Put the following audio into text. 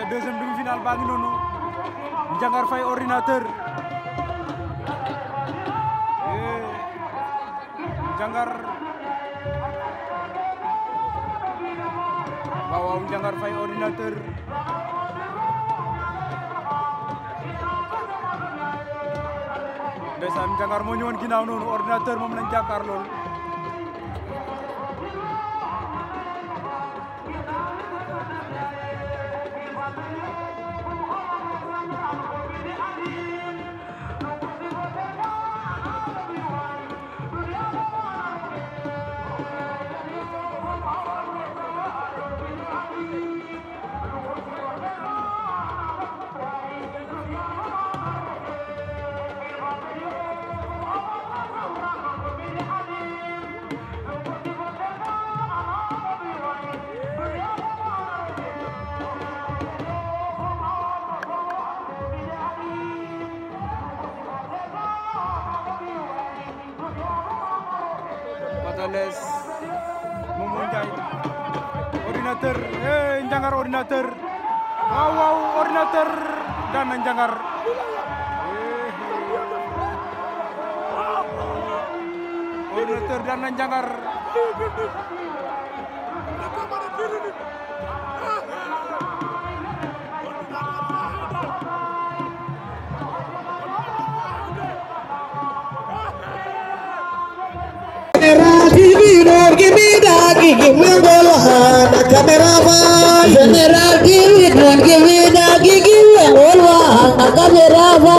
ca deuxième demi-finale baa ngi noonu Ndiangar Faye ordinateur eh, Ndiangar waaw waaw Ndiangar Faye ordinateur ndeysaan Ndiangar moo ñëwoon ginnaaw noonu ordinateur moom lañ jàkkaar loolu Thank you. Charles Mumunjay ordinateur eh njangar ordinateur wow, waw ordinateur dan njangar eh, eh. ordinateur dan njangar Rocky, give me a dollar hand, a camera man. Camera, give me, give me, give me, give me a dollar hand, a camera man.